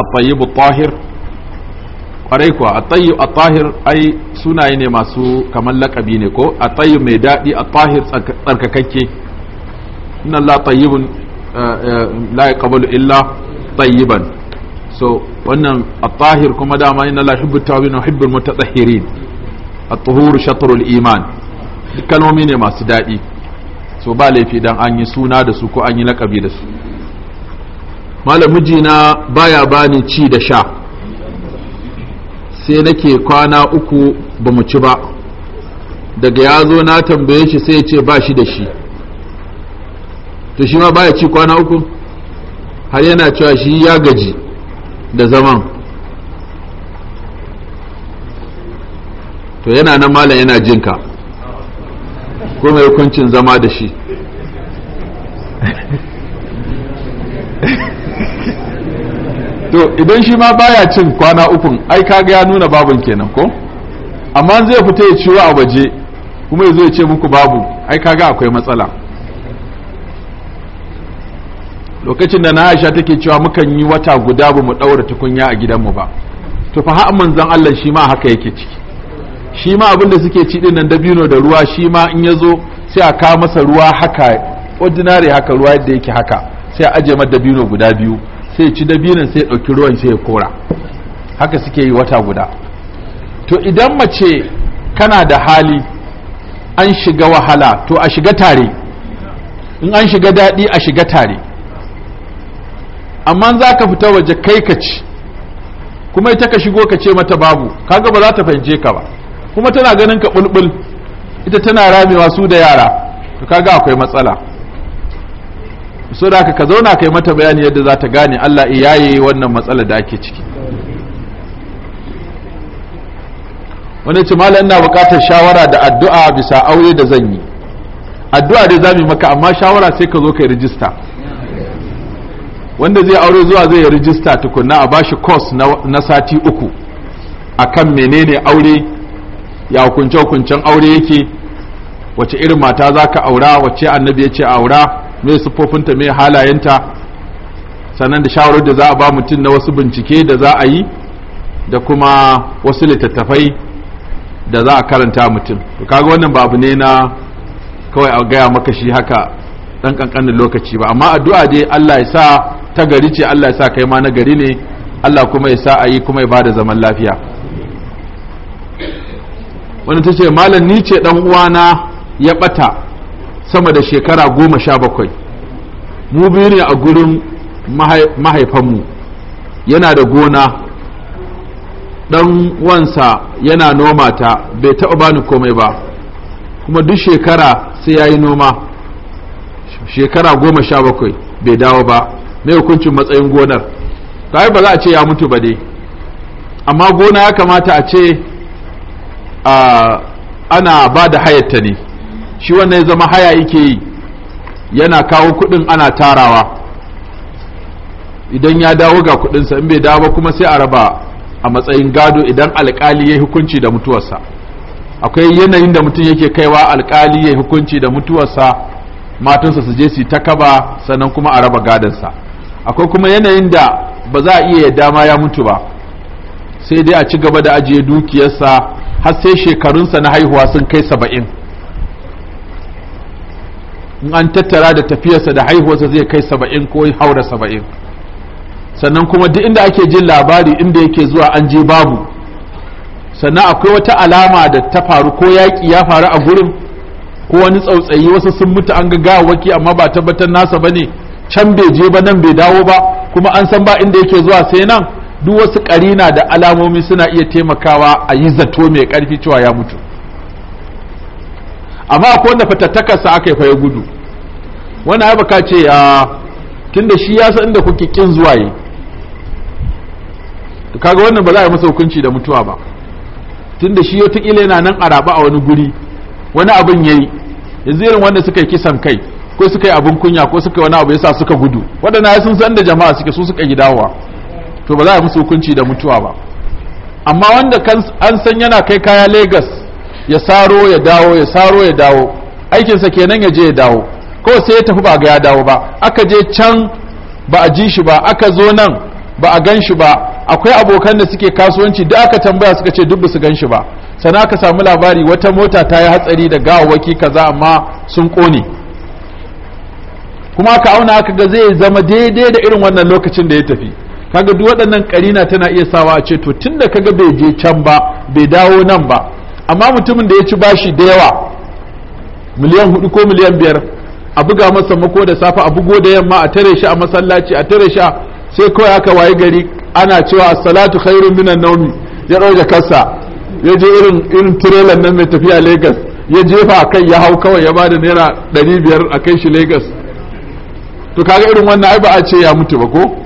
at-tayyib at-tahir kwarai kuwa a tayyib at-tahir ai sunaye ne masu kamar laƙabi ne ko a tayyib mai dadi at-tahir tsarkakakke inna eh, eh, la tayyibun la ƙabalu illa tayyiban so wannan a tahir kuma dama inna la yuhibbu at-tawabin wa yuhibbu al-mutatahhirin at-tuhur shatrul iman kalmomi ne masu daɗi so ba laifi dan an yi suna da su ko an yi lakabi da su malam mijina baya bani ci da sha sai nake kwana uku ba mu ci ba daga ya zo na tambaye shi sai ya ce ba shi da shi to shi ma baya ci kwana uku har yana cewa shi ya gaji da zaman to yana nan malam yana jinka ko mai hukuncin zama da shi to idan shi ma baya cin kwana ukun ai kaga ya nuna babun kenan ko amma zai fita ya ciwo a waje kuma ya zo ya ce muku babu ai kaga akwai matsala lokacin da na aisha take cewa mukan yi wata guda ba mu ɗaura tukunya a gidanmu ba to fa har manzon Allah shi ma haka yake ciki shi ma abin da suke ci dinnan dabino da ruwa shi ma in ya zo sai a kawo masa ruwa haka ordinary haka ruwa yadda yake haka sai a aje masa dabino guda biyu sai ci dabinan sai ɗauki ruwan sai ya kora haka suke yi wata guda to idan mace kana da hali an shiga wahala to a shiga tare in an shiga daɗi a shiga tare amma za ka fita waje kai ka ci kuma ita ka shigo ka ce mata babu kaga ba za ta fahimce ka ba kuma tana ganin ka bulbul ita tana ramewa su da yara to kaga akwai matsala so da ka zauna kai mata bayani yadda za ta gane Allah yi wannan matsala da ake ciki wani ce malam ina bukatar shawara da addu'a bisa aure da zan yi addu'a dai za mu maka amma shawara sai ka zo kai rijista wanda zai aure zuwa zai yi rijista tukunna a bashi course na sati uku akan menene aure ya hukunce hukuncen aure yake wace irin mata za ka aura wace annabi ya ce aura me siffofinta me halayenta sannan da shawarar da za a ba mutum na wasu bincike da za a yi da kuma wasu littattafai da za a karanta mutum to kaga wannan babu ne na kawai a gaya maka shi haka dan kankanin lokaci ba amma addu'a dai Allah ya sa ta gari ce Allah ya sa kai ma na gari ne Allah kuma ya sa a yi kuma ya bada zaman lafiya wani ta ce malam ni ce dan uwana ya bata sama da shekara goma sha bakwai mu biyu ne a gurin mahaifanmu yana da gona ɗan wansa yana noma ta bai taɓa bani komai ba kuma duk shekara sai ya yi noma shekara goma sha bakwai bai dawo ba mai hukuncin matsayin gonar kawai ba za a ce ya mutu ba dai amma gona ya kamata a ce ana ba da hayatta ne shi wannan ya zama haya yake yi yana kawo kuɗin ana tarawa idan ya dawo ga kuɗinsa in bai dawo ba kuma sai a raba a matsayin gado idan alkali ya hukunci da mutuwarsa akwai yanayin da mutum yake kaiwa alkali ya hukunci da mutuwarsa matansa su je su ta kaba sannan kuma a raba gadonsa akwai kuma yanayin da ba za a iya yadda ma ya mutu ba sai dai a ci gaba da ajiye dukiyarsa har sai shekarunsa na haihuwa sun kai saba'in in an tattara da tafiyarsa da haihuwarsa zai kai saba'in ko haura saba'in sannan kuma duk inda ake jin labari inda yake zuwa an je babu sannan akwai wata alama da ta faru ko yaƙi ya faru a gurin ko wani tsautsayi wasu sun mutu an ga gawaki amma ba tabbatar nasa ba ne can bai je ba nan bai dawo ba kuma an san ba inda yake zuwa sai nan duk wasu karina da alamomi suna iya taimakawa a yi zato mai karfi cewa ya mutu amma ko wanda fatattakarsa aka yi fa ya gudu wani abu ka ce ya tun da shi ya san inda kuke kin zuwa yi kaga wannan ba za a yi masa hukunci da mutuwa ba tun da shi wataƙila yana nan a raba a wani guri wani abin yi yanzu irin wanda suka yi kisan kai ko suka yi abin kunya ko suka yi wani abu yasa suka gudu waɗanda sun san da jama'a suke su suka dawowa to ba za a yi musu hukunci da mutuwa ba amma wanda an san yana kai kaya Legas ya saro ya dawo ya saro ya dawo aikinsa kenan ya je ya dawo ko sai ya tafi ba ga ya dawo ba aka je can ba a ji shi ba aka zo nan ba a gan shi ba akwai abokan da suke kasuwanci da aka tambaya suka ce duk su gan shi ba sana aka samu labari wata mota ta yi hatsari da gawawaki kaza amma sun kone kuma aka auna aka ga zai zama daidai da irin wannan lokacin da ya tafi kaga duk waɗannan karina tana iya sawa a ce to tunda kaga bai je can ba bai dawo nan ba amma mutumin da ya ci bashi da yawa miliyan hudu ko miliyan biyar a buga masa mako da safe a bugo da yamma a tare shi a masallaci a tare shi sai kawai aka wayi gari ana cewa as-salatu khairun minan nawmi ya dauke kasa ya je irin irin trailer nan mai tafiya Lagos ya jefa kai ya hau kawai ya bada naira 500 a kai shi Lagos to kaga irin wannan ai ba a ce ya mutu ba ko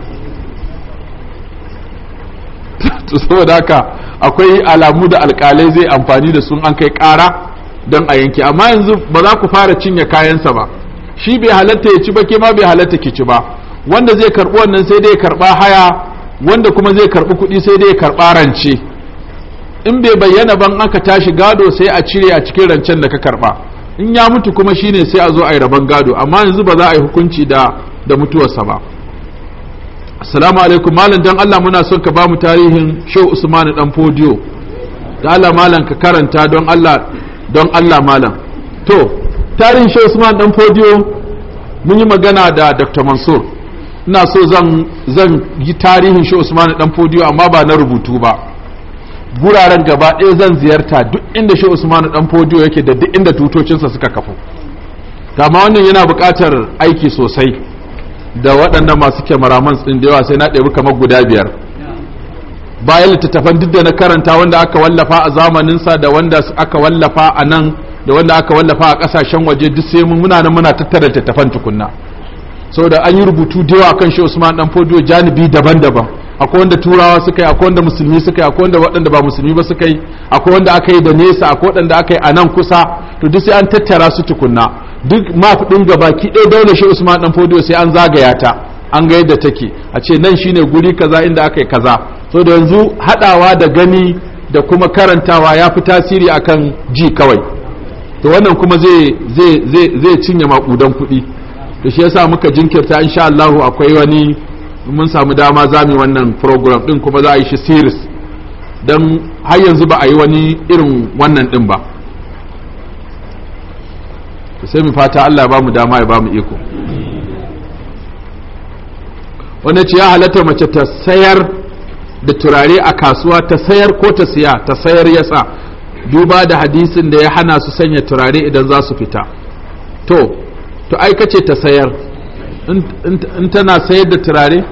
saboda haka akwai alamu da alkalai zai amfani da sun an kai ƙara don a yanke amma yanzu ba za ku fara cinye kayansa ba shi bai halatta ya ci ba ke ma bai halatta ki ci ba wanda zai karɓi wannan sai dai karɓa haya wanda kuma zai karɓi kuɗi sai dai karɓa rance in bai bayyana ban aka tashi gado sai a cire a cikin rancen da ka karɓa in ya mutu kuma shine sai a zo a yi rabon gado amma yanzu ba za a yi hukunci da da mutuwarsa ba assalamu alaikum malam dan Allah muna son ka bamu tarihin Shehu Usman dan Fodiyo da Allah malam ka karanta don Allah don Allah malam to tarihin Shehu Usman dan Fodiyo mun yi magana da Dr. Mansur ina so zan zan yi tarihin Shehu Usman dan Fodiyo amma ba na rubutu ba guraren gaba ɗaya zan ziyarta duk inda Shehu Usman dan Fodiyo yake da duk inda tutocinsa suka kafu amma wannan yana buƙatar aiki sosai da waɗannan masu kyamaraman ɗin da yawa sai na ɗebi kamar guda biyar bayan littattafan duk da na karanta wanda aka wallafa a zamaninsa da wanda aka wallafa a nan da wanda aka wallafa a ƙasashen waje duk sai muna nan muna tattara littattafan tukunna saboda an yi rubutu da yawa kan shi Usman dan Fodio janibi daban-daban akwai wanda turawa suka yi akwai wanda musulmi suka yi akwai wanda waɗanda ba musulmi ba suka yi akwai wanda aka yi da nesa akwai wanda aka yi a nan kusa to duk sai an tattara su tukunna duk map ɗin gabaki ɗaya daular shi usman dan fodiyo sai an zagaya ta an ga yadda take a ce nan shine guri kaza inda aka yi kaza so da yanzu haɗawa da gani da kuma karantawa ya fi tasiri akan ji kawai to wannan kuma zai zai zai zai cinye makudan kuɗi to shi yasa muka jinkirta insha Allah akwai wani mun samu dama zami wannan program ɗin kuma za a yi shi series don har yanzu ba a yi wani irin wannan ɗin ba sai mu fata Allah ba mu dama ya ba mu iko wanda ce ya halatta mace ta sayar da turare a kasuwa ta sayar ko ta siya ta sayar yasa duba da hadisin da ya hana su sanya turare idan za su fita to to ai kace ta sayar in tana sayar da turare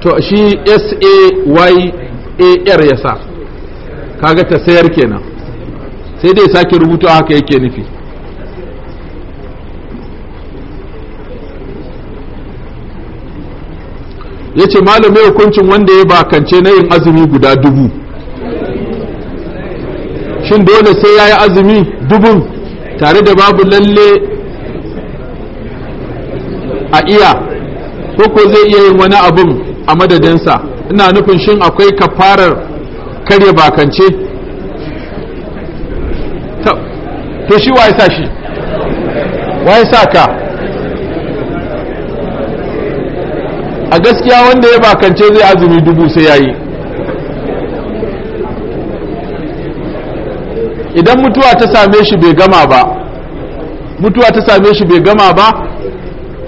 to shi s a y a r yasa kaga ta sayar kenan sai dai sake rubutu haka yake nufi ya ce malamai hukuncin wanda ya bakance na yin azumi guda dubu shin dole sai ya yi azumi dubu tare da babu lalle a iya ko ko zai iya yin wani abun a madadinsa ina nufin shin akwai kafarar karya bakance to shi waye sa shi waye sa ka a gaskiya wanda ya bakance zai azumi dubu sai yayi idan mutuwa ta same shi bai gama ba mutuwa ta same shi bai gama ba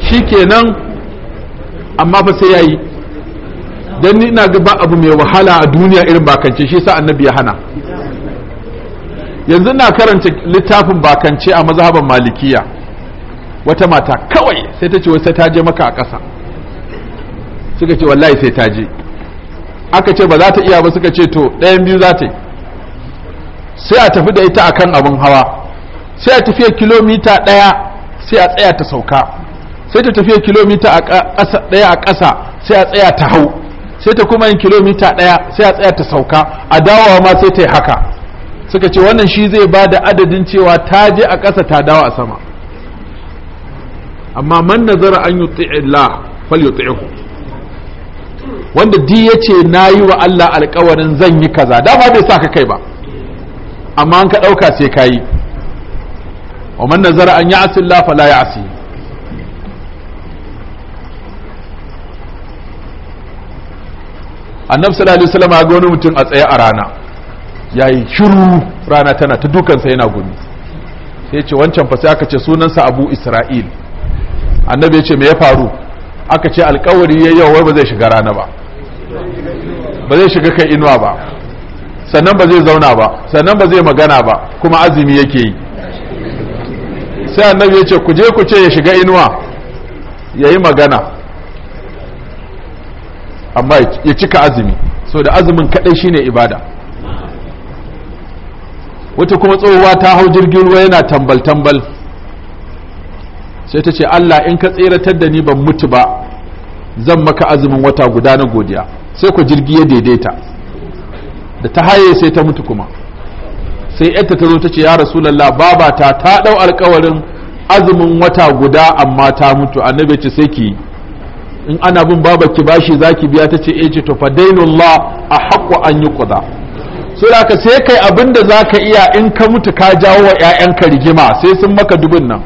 shi kenan amma fa sai yayi don ni ina ga ba abu mai wahala a duniya irin bakance shi sa annabi ya hana yanzu na karanta littafin bakance a mazhaban malikiya wata mata kawai sai ta ce wai sai ta je maka a ƙasa suka ce wallahi sai ta je aka ce ba za ta iya ba suka ce to ɗayan biyu za ta yi sai a tafi da ita a kan abin hawa sai a tafiya kilomita ɗaya sai a tsaya ta sauka sai ta tafiya kilomita ɗaya a ƙasa sai a tsaya ta hau sai ta kuma yin kilomita ɗaya sai a tsaya ta sauka a dawowa ma sai ta yi haka suka ce wannan shi zai ba da adadin cewa ta je a ƙasa ta dawo a sama amma man nazara an yi Allah fal ku. wanda di ya ce na yi wa Allah alkawarin zan yi kaza dama bai sa ka kai ba amma an ka ɗauka sai ka yi wa man nazara an yi asilla fala ya asi annabi sallallahu alaihi wasallam ga wani mutum a tsaye a rana ya yi shiru rana tana ta dukansa yana gumi sai ce wancan fa sai aka ce sunansa abu isra'il annabi ya ce me ya faru aka ce alkawari ya yau wai ba zai shiga rana ba ba zai shiga kai inuwa ba sannan ba zai zauna ba sannan ba zai magana ba kuma azumi yake yi sai annabi ya ce ku je ku ce ya shiga inuwa ya yi magana amma ya cika azumi so da azumin kaɗai shine ibada wata kuma tsohuwa ta hau jirgin ruwa yana tambal tambal sai ta ce Allah in ka tseratar da ni ban mutu ba zan maka azumin wata guda na godiya sai ku jirgi ya daidaita da ta haye sai ta mutu kuma sai yadda ta zo ta ce ya rasulallah babata ta ɗau alkawarin azumin wata guda amma ta mutu annabi ce sai ki in ana bin ki bashi zaki biya ta ce e ce to fa a haƙƙo an yi kuda sai ka sai kai abin da za ka iya in ka mutu ka jawo wa 'ya'yanka rigima sai sun maka dubin nan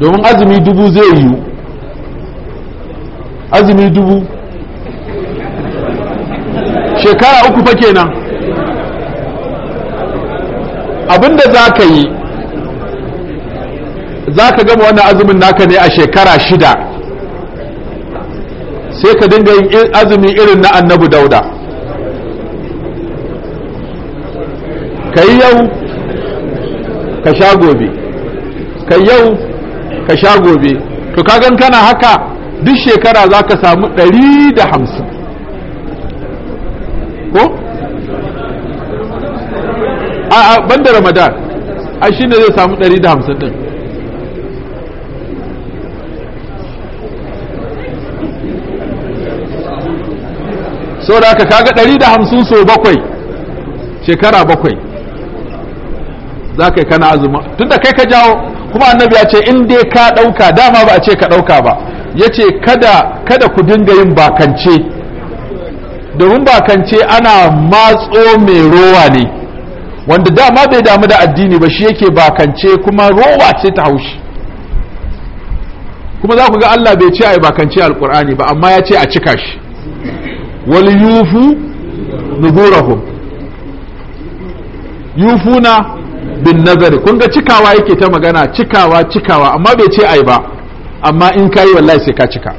domin azumi dubu zai yiwu azumi dubu shekara uku fa kenan abin da za ka yi za ka gama wannan azumin naka ne a shekara shida sai ka dinga yin azumi irin na annabu dauda ka yi yau ka sha gobe ka yau ka sha gobe to ka gan kana haka duk shekara za ka samu ɗari da hamsin ko? a a banda ramadan a shi ne zai samu ɗari da hamsin ɗin sau da ka kaga ɗari da hamsin so bakwai shekara bakwai za ka yi kana azumi tunda kai ka jawo kuma annabi ya ce in dai ka ɗauka dama ba a ce ka ɗauka ba ya ce kada kada ku dinga yin bakance domin bakance ana matso mai rowa ne wanda dama bai damu da addini ba shi yake bakance kuma rowa ce ta haushi kuma za ku ga Allah bai ce a yi bakance alkur'ani ba amma ya ce a cika shi wali yufu na yufuna bin nazari kun ga cikawa yake ta magana cikawa cikawa amma bai ce ai ba amma in ka yi wallahi sai ka cika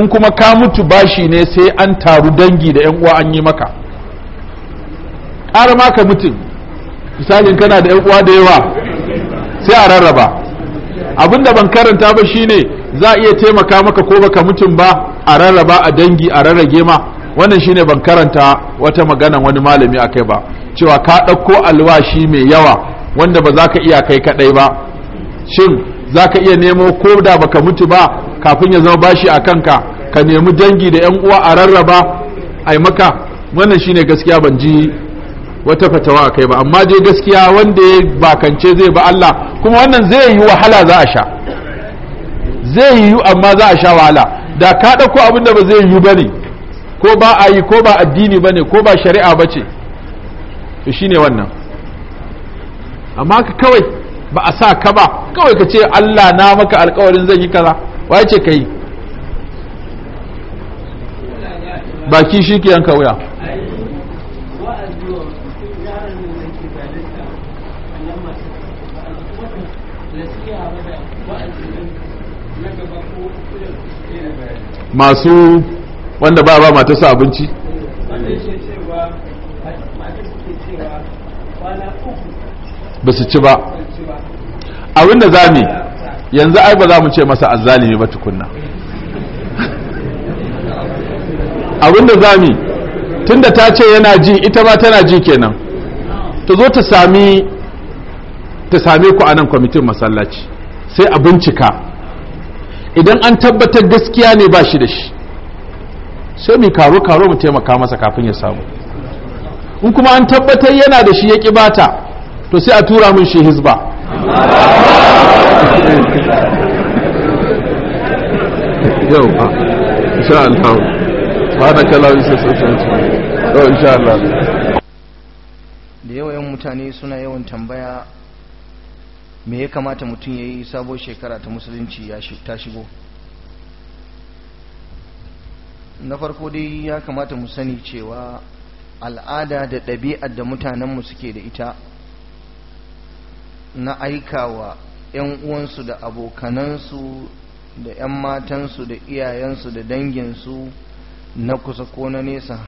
in kuma ka mutu bashi ne sai an taru dangi da yan uwa an yi maka ƙara maka mutum misalin kana da yan uwa da yawa sai a rarraba abin da ban karanta ba shine za a iya taimaka maka ko baka mutum ba a rarraba a dangi a rarrage ma wannan shine ban karanta wata magana wani malami akai ba cewa ka ɗauko alwashi mai yawa wanda ba za ka iya kai kaɗai ba shin za ka iya nemo ko da baka mutu ba kafin ya zama bashi a kanka ka nemi dangi da 'yan uwa a rarraba a maka wannan shine gaskiya ban ji wata fatawa a kai ba amma dai gaskiya wanda ya bakance zai ba Allah kuma wannan zai yi wahala za a sha zai yi amma za a sha wahala da ka ɗauko abin da ba zai yi ba ne ko ba a yi ko ba addini ba ne ko ba shari'a ba ce to shine wannan amma ka kawai ba a sa ka ba kawai ka ce Allah na maka alkawarin zai yi kaza waye ce ka yi baki shi ke yanka wuya masu wanda ba ba sa abinci wanda ce cewa uku ba su ci ba abinda za mu yanzu ai ba za mu ce masa azzalimi ba tukunna abinda zami za mu tunda ta ce yana ji ita ba tana ji kenan ta zo ta sami ta same ku a nan kwamitin masallaci sai a bincika idan an tabbatar gaskiya ne ba shi da shi sai mu karo karo mu taimaka masa kafin ya samu in kuma an tabbatar yana da shi ya ƙi bata to sai a tura min shi hizba yau ba insha Allah ba da kalawi sai sai sai insha Allah da yan mutane suna yawan tambaya me ya kamata mutum ya yi sabo shekara ta musulunci ya ta shigo na farko dai ya kamata mu sani cewa al'ada da ɗabi'ar da mutanenmu suke da ita na aikawa 'yan uwansu da abokanansu da 'yan matansu da iyayensu da danginsu na kusa ko na nesa